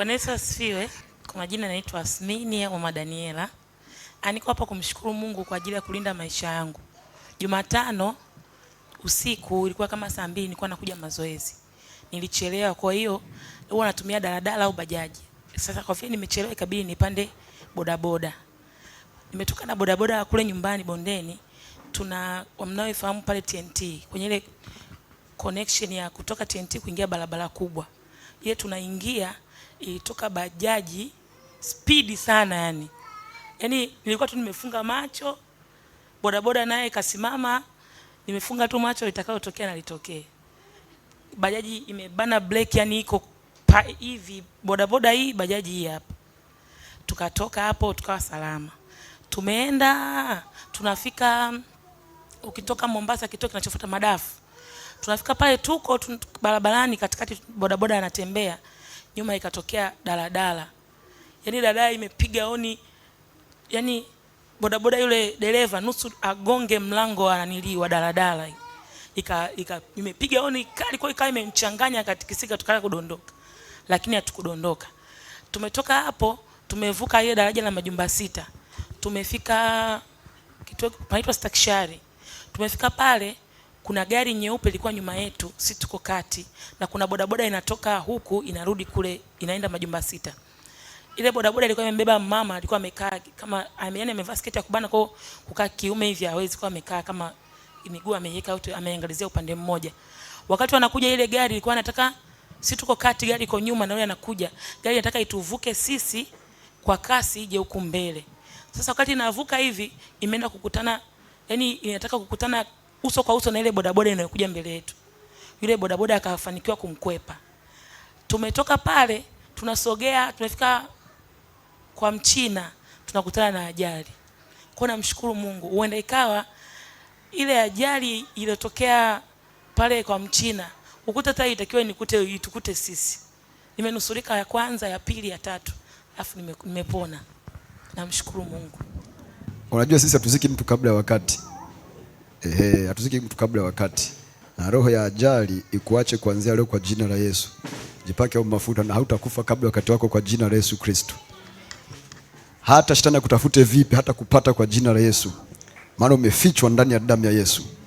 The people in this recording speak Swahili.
Bwana Yesu asifiwe. Kwa majina naitwa Asminia Mama Daniela. Aniko ah, hapa kumshukuru Mungu kwa ajili ya kulinda maisha yangu. Jumatano usiku ilikuwa kama saa mbili nilikuwa nakuja mazoezi. Nilichelewa kwa hiyo huwa natumia daladala au bajaji. Sasa kwa vile nimechelewa ikabidi nipande bodaboda. Nimetoka na bodaboda kule nyumbani bondeni. Tuna mnaoifahamu pale TNT kwenye ile connection ya kutoka TNT kuingia barabara kubwa. Ye tunaingia ilitoka bajaji spidi sana yani, Yaani nilikuwa tu nimefunga macho, bodaboda naye kasimama, nimefunga tu macho, itakayotokea nalitokee. Bajaji imebana breki, yani iko hivi, bodaboda hii, bajaji hii hapa. Tukatoka hapo tukawa salama, tumeenda tunafika, ukitoka Mombasa kituo kinachofuata madafu, tunafika pale tuko tun, barabarani katikati, bodaboda anatembea nyuma ikatokea daladala, yani daladala imepiga oni, yaani bodaboda yule dereva nusu agonge mlango wa daladala ika, ika, imepiga oni kali kwa ikawa imemchanganya akatikisika, tukala kudondoka, lakini hatukudondoka. Tumetoka hapo tumevuka ile daraja la majumba sita, tumefika kituo panaitwa Stakishari. Tumefika pale kuna gari nyeupe ilikuwa nyuma yetu, si tuko kati, na kuna bodaboda inatoka huku inarudi kule, inaenda majumba sita. Ile bodaboda ilikuwa imebeba mama, alikuwa amekaa kama yani amevaa sketi ya kubana, kwa kukaa kiume hivi hawezi kuwa amekaa kama miguu ameiweka au ameangalizia upande mmoja. Wakati wanakuja ile gari ilikuwa anataka, si tuko kati, gari iko nyuma na yule anakuja, gari inataka ituvuke sisi kwa kasi ije huku mbele. Sasa wakati inavuka hivi, imeenda kukutana yani inataka kukutana uso kwa uso na ile bodaboda inayokuja mbele yetu. Yule bodaboda akafanikiwa kumkwepa. Tumetoka pale tunasogea, tumefika kwa mchina tunakutana na ajali. Kwa namshukuru Mungu, huenda ikawa ile ajali iliyotokea pale kwa mchina ukuta tayari itakiwa nikute itukute sisi. Nimenusurika ya kwanza, ya pili, ya tatu, alafu nimepona. Namshukuru Mungu. Unajua sisi hatuziki mtu kabla ya wakati. Ehe, hatuziki mtu kabla ya wakati, na roho ya ajali ikuache kuanzia leo kwa jina la Yesu. Jipake au mafuta na hautakufa kabla wakati wako kwa jina la Yesu Kristo. Hata shetani akutafute vipi, hata kupata kwa jina la Yesu, maana umefichwa ndani ya damu ya Yesu.